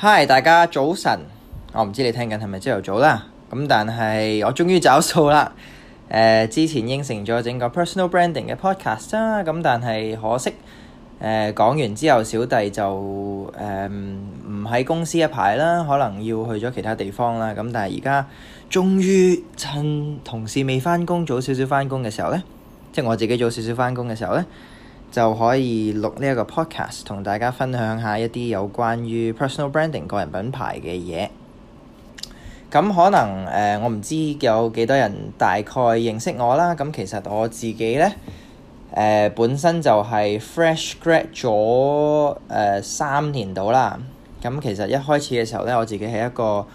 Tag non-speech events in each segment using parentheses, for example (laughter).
嗨，Hi, 大家早晨！我唔知你聽緊係咪朝頭早啦，咁但係我終於找數啦。誒、呃，之前應承咗整個 personal branding 嘅 podcast 啦，啊，咁但係可惜，誒、呃、講完之後小弟就誒唔喺公司一排啦，可能要去咗其他地方啦。咁但係而家終於趁同事未返工，早少少返工嘅時候呢，即係我自己早少少返工嘅時候呢。就可以錄呢一個 podcast，同大家分享一下一啲有關於 personal branding 個人品牌嘅嘢。咁、嗯、可能誒、呃，我唔知有幾多人大概認識我啦。咁、嗯、其實我自己呢，誒、呃、本身就係 fresh grad 咗、呃、三年度啦。咁、嗯、其實一開始嘅時候呢，我自己係一個、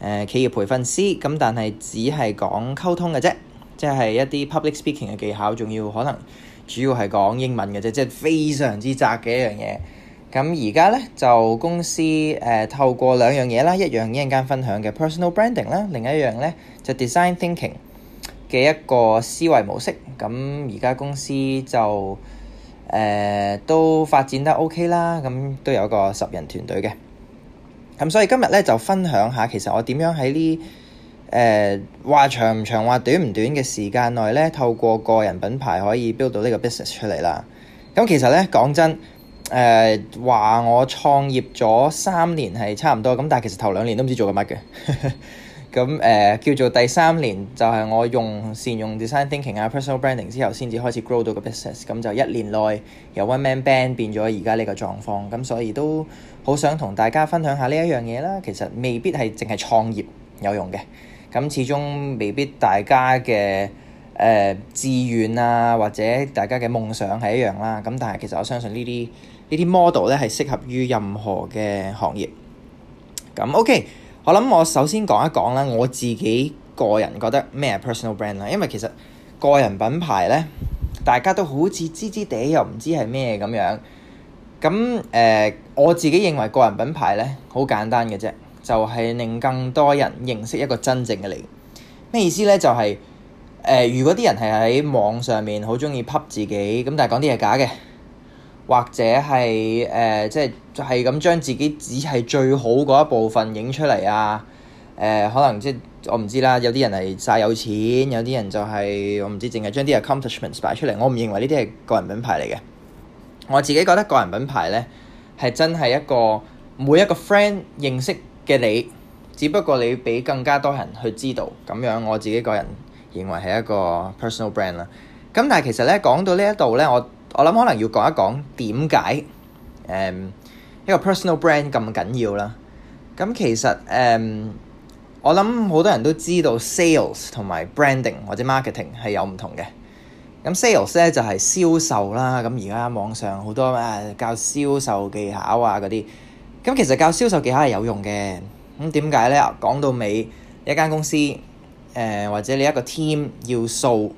呃、企業培訓師，咁、嗯、但係只係講溝通嘅啫，即係一啲 public speaking 嘅技巧，仲要可能。主要係講英文嘅啫，即係非常之窄嘅一樣嘢。咁而家呢，就公司誒、呃、透過兩樣嘢啦，一樣嘢一陣間分享嘅 personal branding 啦，另一樣呢，就 design thinking 嘅一個思維模式。咁而家公司就誒、呃、都發展得 OK 啦，咁都有個十人團隊嘅。咁所以今日呢，就分享下，其實我點樣喺呢，誒、uh, 話長唔長，話短唔短嘅時間內呢，透過個人品牌可以 build 到呢個 business 出嚟啦。咁其實呢，講真，誒、uh, 話我創業咗三年係差唔多咁，但係其實頭兩年都唔知做緊乜嘅。咁、 (laughs) uh, 叫做第三年就係、是、我用善用 design thinking 啊、personal branding 之後先至開始 grow 到個 business，咁就一年內由 one man band 變咗而家呢個狀況。咁所以都好想同大家分享下呢一樣嘢啦。其實未必係淨係創業有用嘅。咁始終未必大家嘅誒、呃、志願啊，或者大家嘅夢想係一樣啦。咁但係其實我相信呢啲呢啲 model 咧係適合於任何嘅行業。咁 OK，我諗我首先講一講啦，我自己個人覺得咩 personal brand 啦，因為其實個人品牌咧，大家都好似知知哋又唔知係咩咁樣。咁誒、呃，我自己認為個人品牌咧，好簡單嘅啫。就係令更多人認識一個真正嘅你。咩意思呢？就係、是呃、如果啲人係喺網上面好中意 pop 自己咁，但係講啲嘢假嘅，或者係、呃、即係就係咁將自己只係最好嗰一部分影出嚟啊、呃。可能即係我唔知啦。有啲人係晒有錢，有啲人就係、是、我唔知，淨係將啲 accomplishments 擺出嚟。我唔認為呢啲係個人品牌嚟嘅。我自己覺得個人品牌呢，係真係一個每一個 friend 認識。嘅你，只不過你俾更加多人去知道，咁樣我自己個人認為係一個 personal brand 啦。咁但係其實咧講到呢一度咧，我我諗可能要講一講點解誒一個 personal brand 咁緊要啦。咁其實誒、嗯、我諗好多人都知道 sales 同埋 branding 或者 marketing 係有唔同嘅。咁 sales 咧就係、是、銷售啦。咁而家網上好多啊教銷售技巧啊嗰啲。咁其實教銷售技巧係有用嘅，咁點解呢？講到尾一間公司，誒、呃、或者你一個 team 要數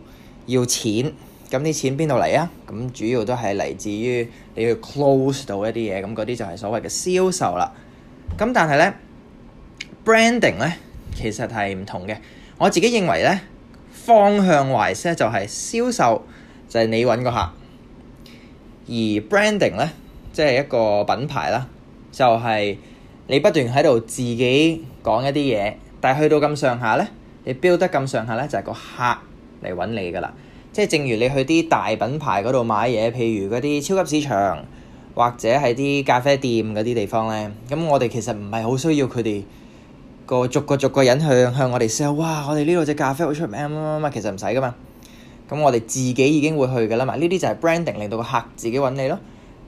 要錢，咁啲錢邊度嚟啊？咁主要都係嚟自於你要 close 到一啲嘢，咁嗰啲就係所謂嘅銷售啦。咁但係呢 branding 呢其實係唔同嘅。我自己認為呢，方向 wise 就係銷售就係、是、你揾個客，而 branding 呢，即係一個品牌啦。就係你不斷喺度自己講一啲嘢，但係去到咁上下呢，你 build 到咁上下呢，就係個客嚟揾你噶啦。即係正如你去啲大品牌嗰度買嘢，譬如嗰啲超級市場或者係啲咖啡店嗰啲地方呢，咁我哋其實唔係好需要佢哋逐個逐個人向我哋 sell。哇！我哋呢度隻咖啡好出名乜乜乜，其實唔使噶嘛。咁我哋自己已經會去噶啦嘛。呢啲就係 branding 令到個客自己揾你咯。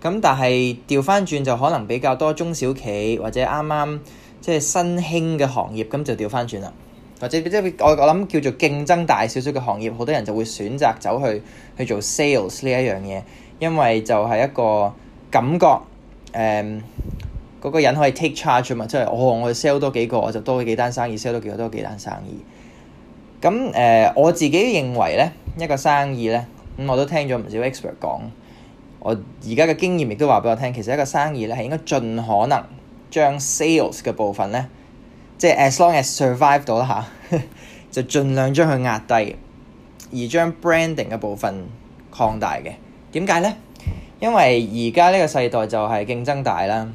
咁但係調翻轉就可能比較多中小企或者啱啱即係新興嘅行業，咁就調翻轉啦。或者即係我我諗叫做競爭大少少嘅行業，好多人就會選擇走去去做 sales 呢一樣嘢，因為就係一個感覺，誒、嗯、嗰、嗰個人可以 take charge 啊嘛，即係哦我 sell 多幾個我就多幾單生意，sell 多幾個多幾單生意。咁誒、呃、我自己認為咧一個生意咧，咁我都聽咗唔少 expert 講。我而家嘅經驗亦都話俾我聽，其實一個生意咧係應該盡可能將 sales 嘅部分咧，即係 as long as survive 到啦嚇，就盡量將佢壓低，而將 branding 嘅部分擴大嘅。點解咧？因為而家呢個世代就係競爭大啦。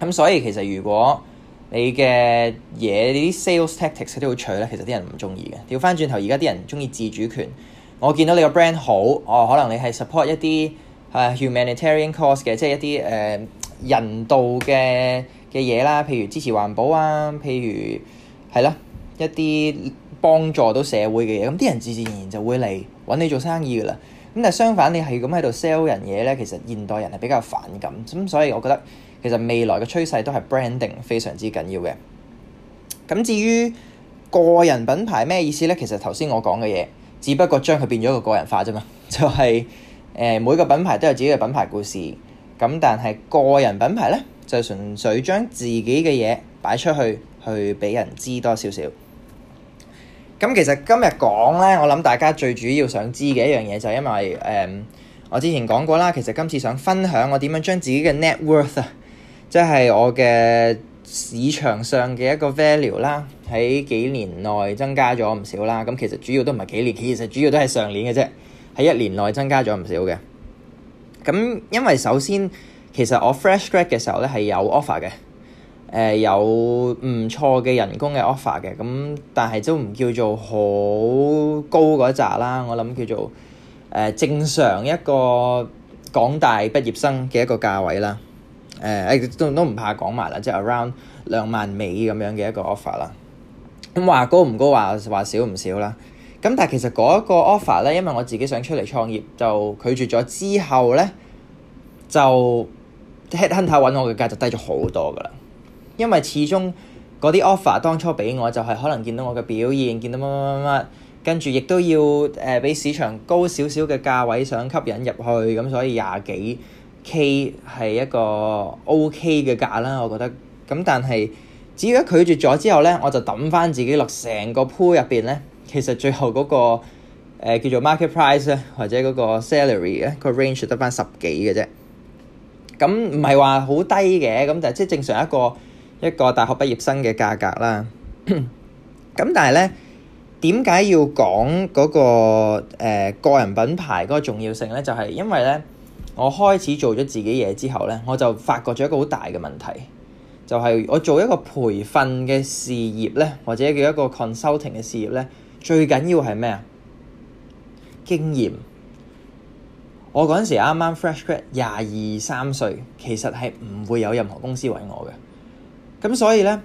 咁所以其實如果你嘅嘢你啲 sales tactics 都好取咧，其實啲人唔中意嘅。調翻轉頭，而家啲人中意自主權。我見到你個 brand 好，我，哦，可能你係 support 一啲。humanitarian cost 嘅，即係一啲誒、uh, 人道嘅嘅嘢啦，譬如支持環保啊，譬如係啦，一啲幫助到社會嘅嘢，咁、嗯、啲人自自然然就會嚟揾你做生意噶啦。咁但係相反，你係咁喺度 sell 人嘢咧，其實現代人係比較反感，咁所以我覺得其實未來嘅趨勢都係 branding 非常之緊要嘅。咁至於個人品牌咩意思咧？其實頭先我講嘅嘢，只不過將佢變咗個個人化啫嘛，就係、是。誒，每個品牌都有自己嘅品牌故事，咁但係個人品牌呢，就純粹將自己嘅嘢擺出去，去俾人知多少少。咁其實今日講呢，我諗大家最主要想知嘅一樣嘢就係因為誒、嗯，我之前講過啦，其實今次想分享我點樣將自己嘅 net worth 啊，即係我嘅市場上嘅一個 value 啦，喺幾年內增加咗唔少啦。咁其實主要都唔係幾年，其實主要都係上年嘅啫。喺一年內增加咗唔少嘅，咁因為首先其實我 fresh grad e 嘅時候咧，係有 offer 嘅，誒、呃、有唔錯嘅人工嘅 offer 嘅，咁但係都唔叫做好高嗰一扎啦，我諗叫做誒、呃、正常一個港大畢業生嘅一個價位啦，誒、呃、誒都都唔怕講埋啦，即、就、係、是、around 兩萬美咁樣嘅一個 offer 啦，咁話高唔高話話少唔少啦？咁但係其實嗰個 offer 咧，因為我自己想出嚟創業，就拒絕咗之後咧就 headhunter 揾我嘅價就低咗好多噶啦。因為始終嗰啲 offer 當初俾我就係可能見到我嘅表現，見到乜乜乜乜，跟住亦都要誒、呃、比市場高少少嘅價位想吸引入去咁，所以廿幾 K 係一個 OK 嘅價啦，我覺得。咁但係只要一拒絕咗之後咧，我就抌翻自己落成個 pool 入邊咧。其實最後嗰個、呃、叫做 market price 咧，或者嗰個 salary 咧，個 range 得返十幾嘅啫。咁唔係話好低嘅，咁就即係正常一個一個大學畢業生嘅價格啦。咁 (coughs) 但係咧，點解要講嗰個、呃、個人品牌嗰個重要性咧？就係因為咧，我開始做咗自己嘢之後咧，我就發覺咗一個好大嘅問題，就係我做一個培訓嘅事業咧，或者叫一個 consulting 嘅事業咧。最緊要係咩啊？經驗。我嗰陣時啱啱 fresh grad 廿二三歲，其實係唔會有任何公司揾我嘅。咁所以呢，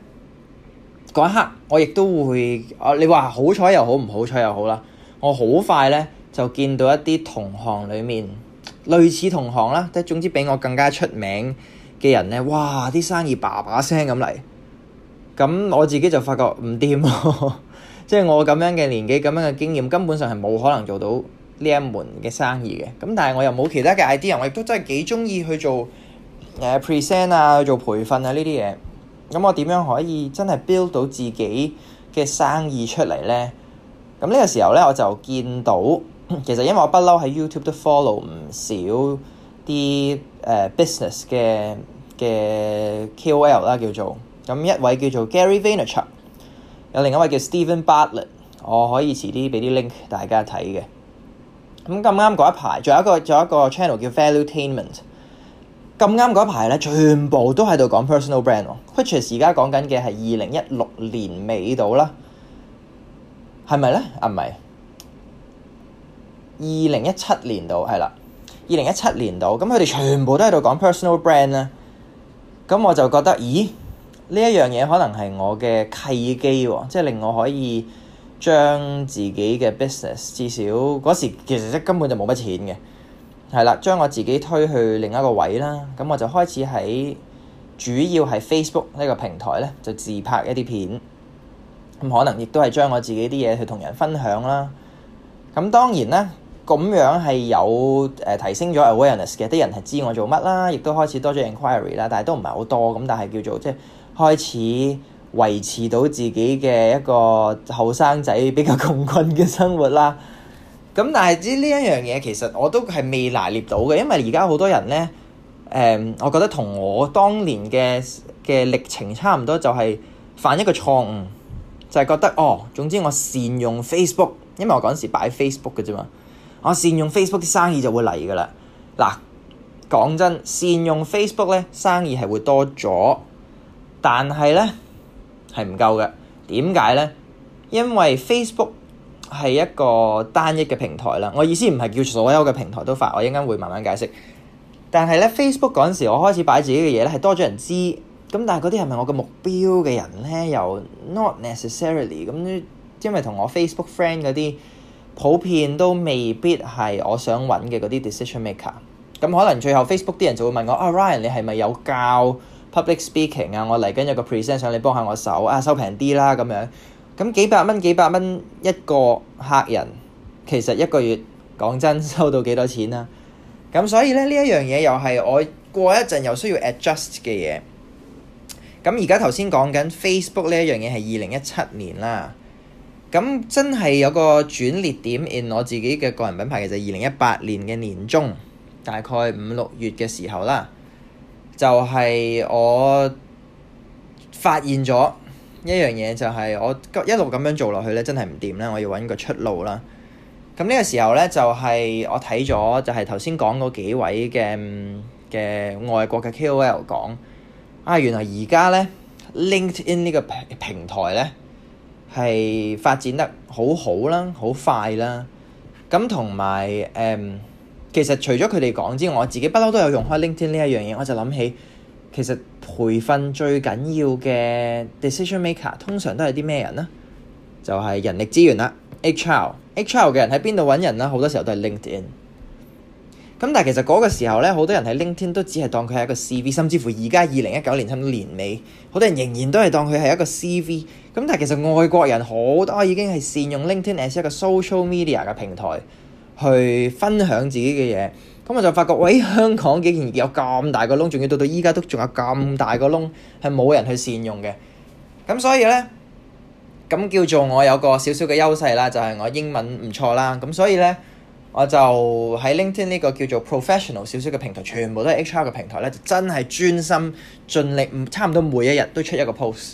嗰一刻我亦都會你話好彩又好，唔好彩又好啦。我好快呢，就見到一啲同行裡面，類似同行啦，即係總之比我更加出名嘅人呢。哇！啲生意爸爸聲咁嚟，咁我自己就發覺唔掂咯。即係我咁樣嘅年紀、咁樣嘅經驗，根本上係冇可能做到呢一門嘅生意嘅。咁但係我又冇其他嘅 idea，我亦都真係幾鍾意去做誒、uh, present 啊、去做培訓啊呢啲嘢。咁我點樣可以真係 build 到自己嘅生意出嚟咧？咁呢個時候咧，我就見到其實因為我不嬲喺 YouTube 都 follow 唔少啲誒、uh, business 嘅嘅 KOL 啦，叫做咁一位叫做 Gary Vaynerchuk。有另一位叫 Stephen Bartlett，我可以遲啲畀啲 link 大家睇嘅。咁咁啱嗰一排，仲有一個仲有一個 channel 叫 Valuetainment。咁啱嗰一排咧，全部都喺度講 personal brand 喎。Which is 而家講緊嘅係二零一六年尾到啦，係咪咧？啊，唔係，二零一七年度，係啦，二零一七年度，咁佢哋全部都喺度講 personal brand 咧。咁我就覺得，咦？呢一樣嘢可能係我嘅契機喎、哦，即係令我可以將自己嘅 business 至少嗰時其實根本就冇乜錢嘅，係啦，將我自己推去另一個位啦，咁我就開始喺主要係 Facebook 呢個平台呢，就自拍一啲片，咁可能亦都係將我自己啲嘢去同人分享啦。咁當然咧，咁樣係有誒、呃、提升咗 awareness 嘅，啲人係知我做乜啦，亦都開始多咗 inquiry 啦，但係都唔係好多咁，但係叫做即係。開始維持到自己嘅一個後生仔比較窮困嘅生活啦。咁但係知呢一樣嘢，其實我都係未拿捏到嘅，因為而家好多人呢，嗯，我覺得同我當年嘅嘅歷程差唔多，就係犯一個錯誤，就係覺得哦，總之我善用 Facebook，因為我嗰陣時擺 Facebook 嘅啫嘛，我善用 Facebook 啲生意就會嚟噶啦。嗱，講真，善用 Facebook 呢，生意係會多咗。但係呢，係唔夠嘅，點解呢？因為 Facebook 係一個單一嘅平台啦。我意思唔係叫所有嘅平台都發，我應該會慢慢解釋。但係呢，Facebook 嗰陣時我開始擺自己嘅嘢呢，係多咗人知。咁但係嗰啲係咪我嘅目標嘅人呢？又 not necessarily 咁，因為同我 Facebook friend 嗰啲普遍都未必係我想揾嘅嗰啲 decision maker。咁可能最後 Facebook 啲人就會問我：啊，Ryan，你係咪有教？Public speaking 啊，我嚟緊有個 present 想你幫下我手啊，收平啲啦咁樣，咁幾百蚊幾百蚊一個客人，其實一個月講真收到幾多錢啊？咁、嗯、所以咧呢一樣嘢又係我過一陣又需要 adjust 嘅嘢。咁而家頭先講緊 Facebook 呢一樣嘢係二零一七年啦，咁真係有個轉捩點 in 我自己嘅個人品牌，其實二零一八年嘅年中，大概五六月嘅時候啦。就係我發現咗一樣嘢，就係我一路咁樣做落去咧，真係唔掂咧，我要揾個出路啦。咁呢個時候咧，就係我睇咗，就係頭先講嗰幾位嘅嘅外國嘅 KOL 講，啊，原來而家咧 LinkedIn 呢個平平台咧係發展得好好啦，好快啦。咁同埋誒。嗯其實除咗佢哋講之外，我自己不嬲都有用開 LinkedIn 呢一樣嘢，我就諗起其實培訓最緊要嘅 decision maker 通常都係啲咩人咧？就係人力資源啦，HR，HR 嘅人喺邊度揾人咧？好多時候都係 LinkedIn。咁但係其實嗰個時候呢，好多人喺 LinkedIn 都只係當佢係一個 CV，甚至乎而家二零一九年差唔多年尾，好多人仍然都係當佢係一個 CV。咁但係其實外國人好多已經係善用 LinkedIn as 一個 social media 嘅平台。去分享自己嘅嘢，咁我就發覺，喂，香港竟然有咁大個窿，仲要到到依家都仲有咁大個窿，係冇人去善用嘅。咁所以呢，咁叫做我有個少少嘅優勢啦，就係、是、我英文唔錯啦。咁所以呢，我就喺 LinkedIn 呢個叫做 professional 少少嘅平台，全部都係 HR 嘅平台呢，就真係專心盡力，唔差唔多每一日都出一個 post，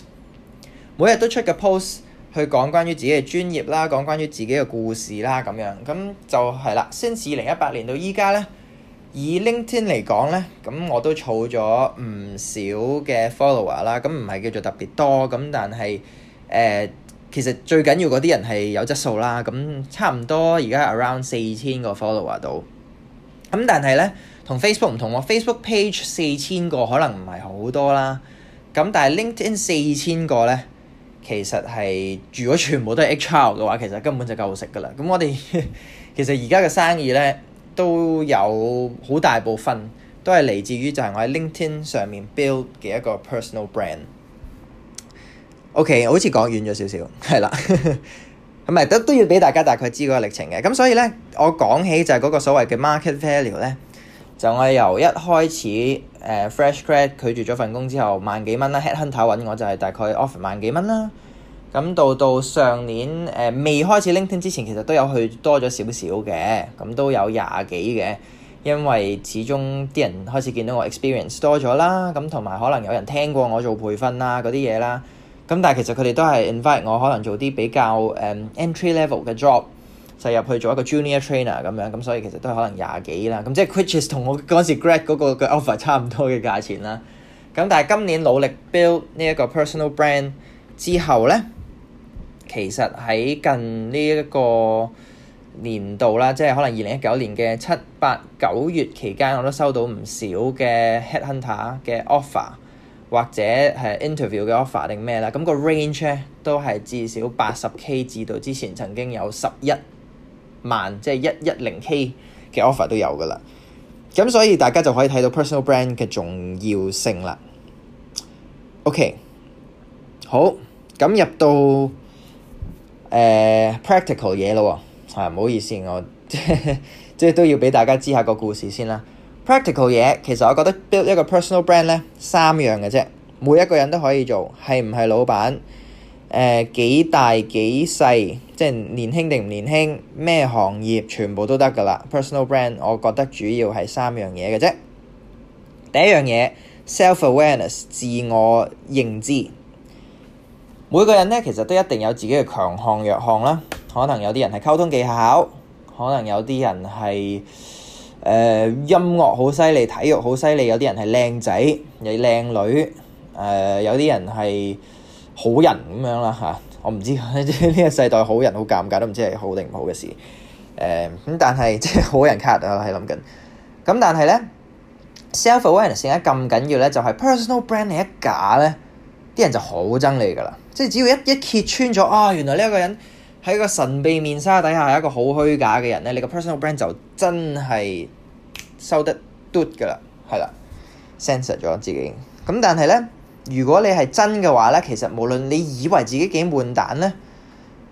每日都出個 post。去講關於自己嘅專業啦，講關於自己嘅故事啦，咁樣咁就係啦。先至二零一八年到依家呢，以 LinkedIn 嚟講呢，咁我都儲咗唔少嘅 follower 啦，咁唔係叫做特別多，咁但係誒、呃、其實最緊要嗰啲人係有質素啦。咁差唔多而家 around 四千個 follower 度。咁但係呢，face 同 Facebook 唔同喎，Facebook page 四千個可能唔係好多啦。咁但係 LinkedIn 四千個呢。其實係如果全部都係 H.R. 嘅話，其實根本就夠食㗎喇。咁我哋其實而家嘅生意呢，都有好大部分都係嚟自於就係我喺 LinkedIn 上面 build 嘅一個 personal brand。OK，好似講遠咗少少，係啦，咁咪都都要俾大家大概知個歷程嘅。咁所以呢，我講起就係嗰個所謂嘅 market value 呢，就我由一開始，誒、uh, fresh grad 拒絕咗份工之後，萬幾蚊啦。Headhunter 揾我就係大概 offer 萬幾蚊啦。咁到到上年誒、呃、未開始 LinkedIn 之前，其實都有去多咗少少嘅，咁都有廿幾嘅。因為始終啲人開始見到我 experience 多咗啦，咁同埋可能有人聽過我做培訓啦嗰啲嘢啦。咁但係其實佢哋都係 invite 我可能做啲比較誒、um, entry level 嘅 job。就入去做一個 junior trainer 咁樣，咁所以其實都可能廿幾啦。咁即係 which is 同我嗰時 grad 嗰個嘅 offer 差唔多嘅價錢啦。咁但係今年努力 build 呢一個 personal brand 之後呢，其實喺近呢一個年度啦，即係可能二零一九年嘅七、八、九月期間，我都收到唔少嘅 headhunter 嘅 offer，或者係 interview 嘅 offer 定咩啦。咁個 range 呢都係至少八十 K 至到之前曾經有十一萬，即係一一零 K 嘅 offer 都有噶啦，咁所以大家就可以睇到 personal brand 嘅重要性啦。OK，好，咁入到誒、呃、practical 嘢咯喎，哎、唔好意思我即 (laughs) 係都要俾大家知下個故事先啦。practical 嘢其實我覺得 build 一個 personal brand 咧，三樣嘅啫，每一個人都可以做，係唔係老闆？誒、呃、幾大幾細，即係年輕定唔年輕？咩行業全部都得㗎啦。Personal brand，我覺得主要係三樣嘢嘅啫。第一樣嘢，self awareness 自我認知。每個人呢，其實都一定有自己嘅強項弱項啦。可能有啲人係溝通技巧，可能有啲人係誒、呃、音樂好犀利，體育好犀利，有啲人係靚仔，有靚女，誒、呃、有啲人係。好人咁樣啦嚇，我唔知呢呢個世代好人好尷尬，都唔知係好定唔好嘅事。誒咁，但係即係好人卡，a 啊，係諗緊。咁但係咧，self awareness 而家咁緊要咧，就係 personal brand 你一假咧，啲人就好憎你㗎啦。即係只要一一揭穿咗啊，原來呢一個人喺個神秘面紗底下係一個好虛假嘅人咧，你個 personal brand 就真係收得嘟㗎啦，係啦，censor 咗自己。咁但係咧。如果你係真嘅話咧，其實無論你以為自己幾悶蛋咧，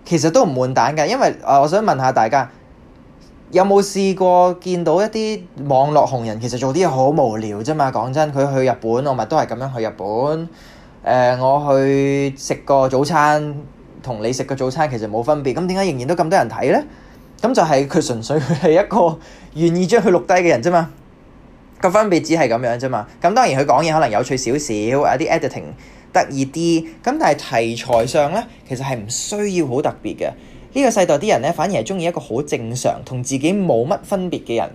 其實都唔悶蛋㗎。因為啊、呃，我想問下大家，有冇試過見到一啲網絡紅人，其實做啲嘢好無聊啫嘛。講真，佢去日本，我咪都係咁樣去日本。誒、呃，我去食個早餐，同你食個早餐其實冇分別。咁點解仍然都咁多人睇咧？咁就係佢純粹係一個願意將佢錄低嘅人啫嘛。個分別只係咁樣啫嘛，咁當然佢講嘢可能有趣少少，有啲 editing 得意啲，咁但係題材上咧，其實係唔需要好特別嘅。呢、這個世代啲人咧，反而係鍾意一個好正常、同自己冇乜分別嘅人。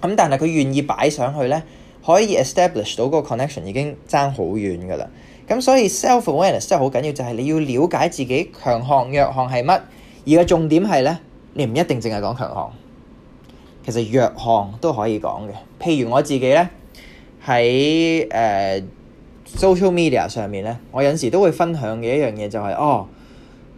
咁但係佢願意擺上去咧，可以 establish 到個 connection 已經爭好遠噶啦。咁所以 self awareness 真係好緊要，就係、是、你要了解自己強項弱項係乜。而個重點係咧，你唔一定淨係講強項。其實弱項都可以講嘅，譬如我自己咧喺、呃、social media 上面咧，我有時都會分享嘅一樣嘢就係、是，哦，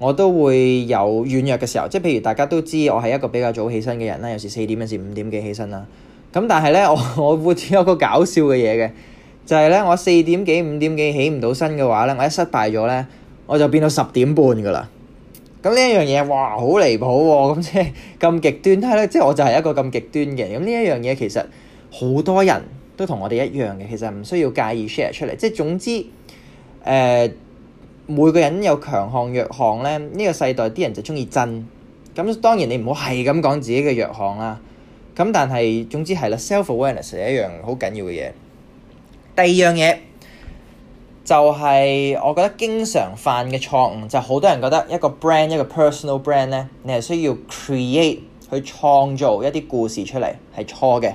我都會有軟弱嘅時候，即係譬如大家都知我係一個比較早起身嘅人啦，有時四點，時點，有時五點幾起身啦。咁但係咧，我我會有個搞笑嘅嘢嘅，就係、是、咧，我四點幾五點幾起唔到身嘅話咧，我一失敗咗咧，我就變到十點半噶啦。咁呢一樣嘢，哇，好離譜喎、哦！咁、嗯、即係咁極端，但、嗯、係即係我就係一個咁極端嘅。咁呢一樣嘢其實好多人都同我哋一樣嘅，其實唔需要介意 share 出嚟。即係總之，誒、呃，每個人有強項弱項咧。呢、這個世代啲人就中意真。咁、嗯、當然你唔好係咁講自己嘅弱項啦。咁、嗯、但係總之係啦，self awareness 係一樣好緊要嘅嘢。第二樣嘢。就係我覺得經常犯嘅錯誤，就係好多人覺得一個 brand，一個 personal brand 咧，你係需要 create 去創造一啲故事出嚟，係錯嘅。誒、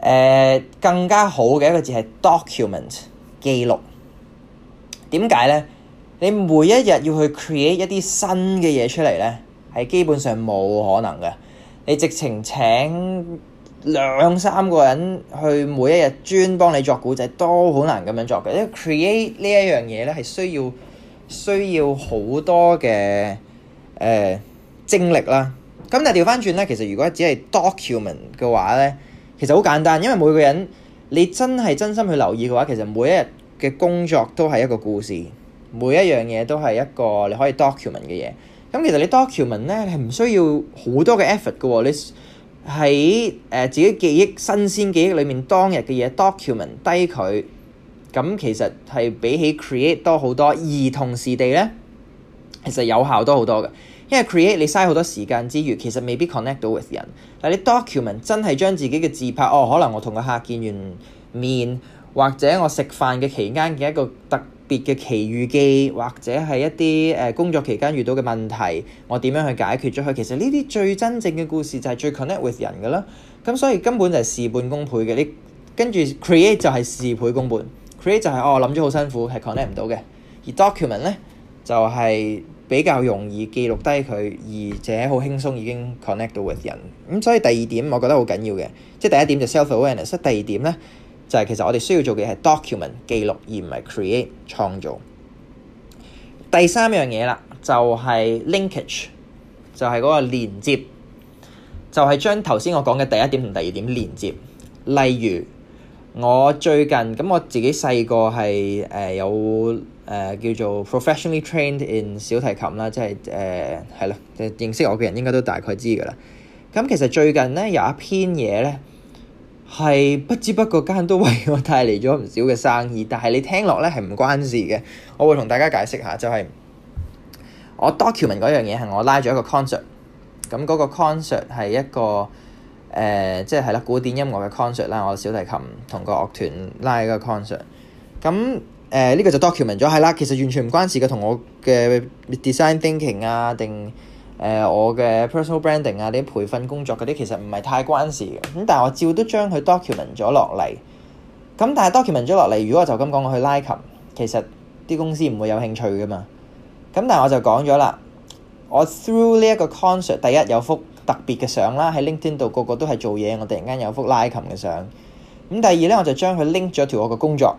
呃，更加好嘅一個字係 document 記錄。點解呢？你每一日要去 create 一啲新嘅嘢出嚟呢，係基本上冇可能嘅。你直情請，兩三個人去每一日專幫你作古仔都好難咁樣作嘅，因為 create 呢一樣嘢咧係需要需要好多嘅誒、呃、精力啦。咁但係調翻轉咧，其實如果只係 document 嘅話咧，其實好簡單，因為每個人你真係真心去留意嘅話，其實每一日嘅工作都係一個故事，每一樣嘢都係一個你可以 document 嘅嘢。咁其實你 document 咧係唔需要好多嘅 effort 嘅喎、哦，你。喺誒自己記憶新鮮記憶裏面，當日嘅嘢 document 低佢，咁其實係比起 create 多好多，而同時地咧，其實有效多好多嘅。因為 create 你嘥好多時間之餘，其實未必 connect 到 with 人。但你 document 真係將自己嘅自拍，哦，可能我同個客見完面，或者我食飯嘅期間嘅一個特別嘅奇遇記，或者係一啲誒、呃、工作期間遇到嘅問題，我點樣去解決咗佢？其實呢啲最真正嘅故事就係最 connect with 人㗎啦。咁所以根本就係事半功倍嘅。呢跟住 create 就係事倍功半，create 就係、是、哦諗咗好辛苦係 connect 唔到嘅。而 document 咧就係、是、比較容易記錄低佢，而且好輕鬆已經 connect 到 with 人。咁所以第二點我覺得好緊要嘅，即係第一點就 self-awareness，第二點咧。就係其實我哋需要做嘅係 document 記錄，而唔係 create 創造。第三樣嘢啦，就係 linkage，就係嗰個連接，就係將頭先我講嘅第一點同第二點連接。例如我最近咁，我自己細個係誒有誒叫做 professionally trained in 小提琴啦，即係誒係啦，認識我嘅人應該都大概知㗎啦。咁其實最近咧有一篇嘢咧。係不知不覺間都為我帶嚟咗唔少嘅生意，但係你聽落咧係唔關事嘅。我會同大家解釋下，就係、係、我 document 嗰樣嘢係我拉咗一個 concert，咁嗰個 concert 係一個誒、呃，即係啦古典音樂嘅 concert 啦，我小提琴同個樂團拉嘅 concert。咁誒呢個就 document 咗係啦，其實完全唔關事嘅，同我嘅 design thinking 啊定。誒、呃，我嘅 personal branding 啊，啲培訓工作嗰啲，其實唔係太關事嘅，咁但係我照都將佢 document 咗落嚟。咁但係 document 咗落嚟，如果我就咁講我去拉琴，其實啲公司唔會有興趣㗎嘛。咁但係我就講咗啦，我 through 呢一個 concert，第一有一幅特別嘅相啦，喺 LinkedIn 度個個都係做嘢，我突然間有幅拉琴嘅相。咁第二咧，我就將佢 link 咗條我嘅工作，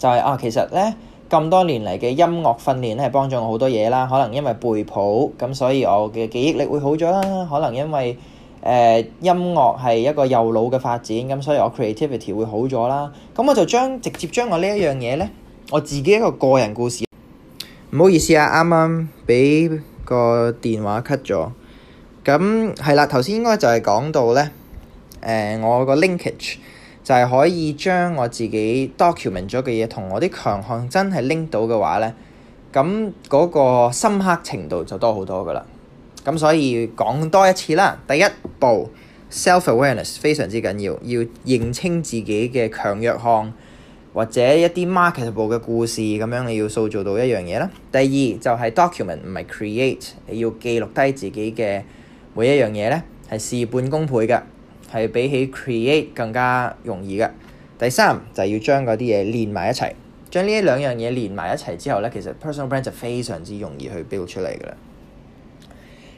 就係、是、啊，其實咧。咁多年嚟嘅音樂訓練咧，係幫助我好多嘢啦。可能因為背譜，咁所以我嘅記憶力會好咗啦。可能因為誒、呃、音樂係一個右腦嘅發展，咁所以我 creativity 會好咗啦。咁我就將直接將我呢一樣嘢呢，我自己一個個人故事。唔好意思啊，啱啱俾個電話 cut 咗。咁係啦，頭先應該就係講到呢，誒、呃、我個 linkage。就係可以將我自己 document 咗嘅嘢，同我啲強項真係拎到嘅話呢，咁嗰個深刻程度就多好多噶啦。咁所以講多一次啦，第一步 self-awareness 非常之緊要，要認清自己嘅強弱項，或者一啲 marketable 嘅故事咁樣，你要塑造到一樣嘢啦。第二就係 document 唔係 create，你要記錄低自己嘅每一樣嘢呢，係事半功倍噶。係比起 create 更加容易嘅。第三就係、是、要將嗰啲嘢連埋一齊，將呢一兩樣嘢連埋一齊之後咧，其實 personal brand 就非常之容易去 build 出嚟嘅啦。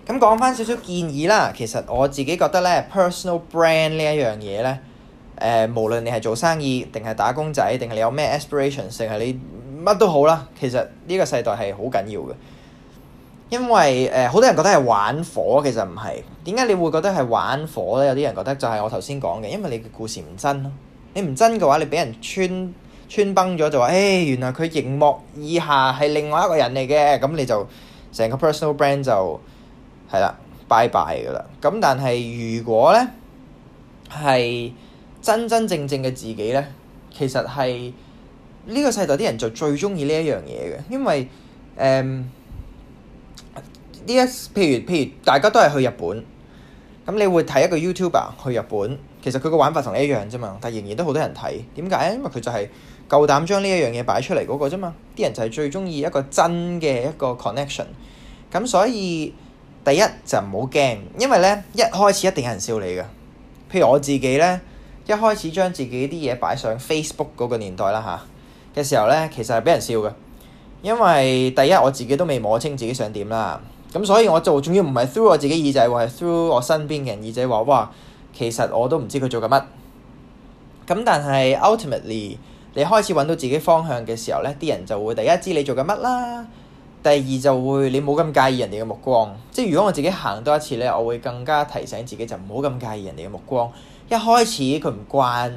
咁講返少少建議啦，其實我自己覺得咧，personal brand 呢一樣嘢咧，誒、呃，無論你係做生意定係打工仔，定係你有咩 aspiration，定係你乜都好啦，其實呢個世代係好緊要嘅。因為誒、好、呃、多人覺得係玩火，其實唔係。點解你會覺得係玩火呢？有啲人覺得就係我頭先講嘅，因為你嘅故事唔真咯。你唔真嘅話，你俾人穿穿崩咗就話，誒、哎，原來佢熒幕以下係另外一個人嚟嘅，咁你就成個 personal brand 就係啦，拜拜噶啦。咁但係如果呢係真真正正嘅自己呢，其實係呢、這個世代啲人就最中意呢一樣嘢嘅，因為誒。嗯.呢一，譬如譬如大家都係去日本咁，你會睇一個 YouTuber 去日本，其實佢個玩法同你一樣啫嘛。但仍然都好多人睇，點解？因為佢就係夠膽將呢一樣嘢擺出嚟嗰、那個啫嘛。啲人就係最中意一個真嘅一個 connection。咁所以第一就唔好驚，因為呢一開始一定有人笑你噶。譬如我自己呢，一開始將自己啲嘢擺上 Facebook 嗰個年代啦，嚇、啊、嘅時候呢，其實係俾人笑嘅，因為第一我自己都未摸清自己想點啦。咁所以我就仲要唔係 through 我自己耳仔，話係 through 我身邊嘅人耳仔話。哇，其實我都唔知佢做緊乜。咁但係 ultimately，你開始揾到自己方向嘅時候呢，啲人就會第一知你做緊乜啦。第二就會你冇咁介意人哋嘅目光。即係如果我自己行多一次呢，我會更加提醒自己就唔好咁介意人哋嘅目光。一開始佢唔慣，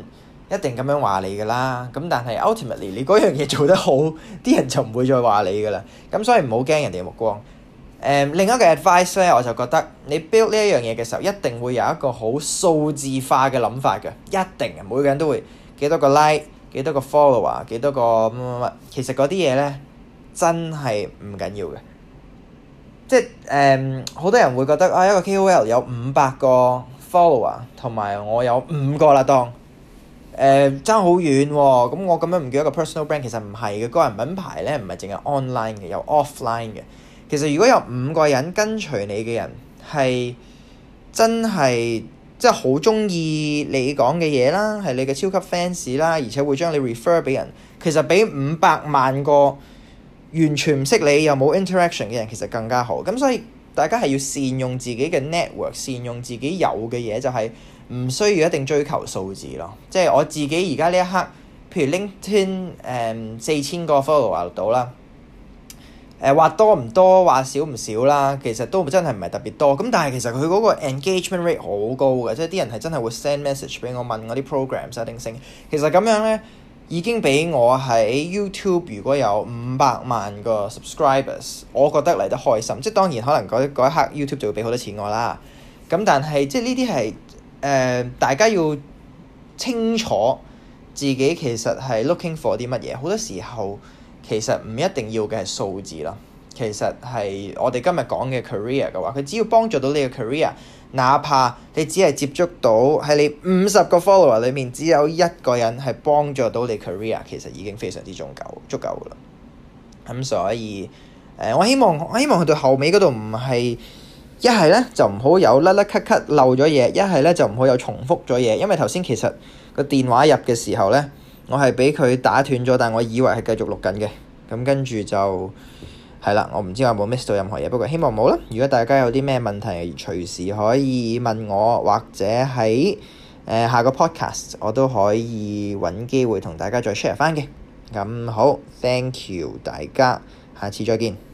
一定咁樣話你噶啦。咁但係 ultimately，你嗰樣嘢做得好，啲人就唔會再話你噶啦。咁所以唔好驚人哋嘅目光。Um, 另一個 advice 咧，我就覺得你 build 呢一樣嘢嘅時候，一定會有一個好數字化嘅諗法嘅，一定，每個人都會幾多個 like，幾多個 follower，幾多個乜乜乜。其實嗰啲嘢呢，真係唔緊要嘅，即係嗯、好多人會覺得啊，一個 KOL 有五百個 follower，同埋我有五個啦當誒爭好遠喎。咁、嗯哦、我咁樣唔叫一個 personal brand，其實唔係嘅，個人品牌呢，唔係淨係 online 嘅，有 offline 嘅。其實如果有五個人跟隨你嘅人係真係即係好中意你講嘅嘢啦，係你嘅超級 fans 啦，而且會將你 refer 俾人。其實比五百萬個完全唔識你又冇 interaction 嘅人，其實更加好。咁所以大家係要善用自己嘅 network，善用自己有嘅嘢，就係、是、唔需要一定追求數字咯。即係我自己而家呢一刻，譬如 LinkedIn 誒、um, 四千個 follower 到啦。誒話、呃、多唔多話少唔少啦，其實都真係唔係特別多。咁但係其實佢嗰個 engagement rate 好高嘅，即係啲人係真係會 send message 俾我問我啲 program 特、啊、定性。其實咁樣呢，已經俾我喺 YouTube 如果有五百萬個 subscribers，我覺得嚟得開心。即係當然可能嗰一刻 YouTube 就會俾好多錢我啦。咁但係即係呢啲係誒大家要清楚自己其實係 looking for 啲乜嘢。好多時候。其實唔一定要嘅係數字囉，其實係我哋今日講嘅 career 嘅話，佢只要幫助到你嘅 career，哪怕你只係接觸到喺你五十個 follower 裏面只有一個人係幫助到你 career，其實已經非常之足夠，足夠噶啦。咁所以誒、呃，我希望我希望去到後尾嗰度，唔係一係咧就唔好有甩甩咳咳漏咗嘢，一係咧就唔好有重複咗嘢，因為頭先其實個電話入嘅時候咧。我係俾佢打斷咗，但我以為係繼續錄緊嘅，咁跟住就係啦。我唔知我有冇 miss 到任何嘢，不過希望冇啦。如果大家有啲咩問題，隨時可以問我，或者喺、呃、下個 podcast 我都可以揾機會同大家再 share 返嘅。咁好，thank you 大家，下次再見。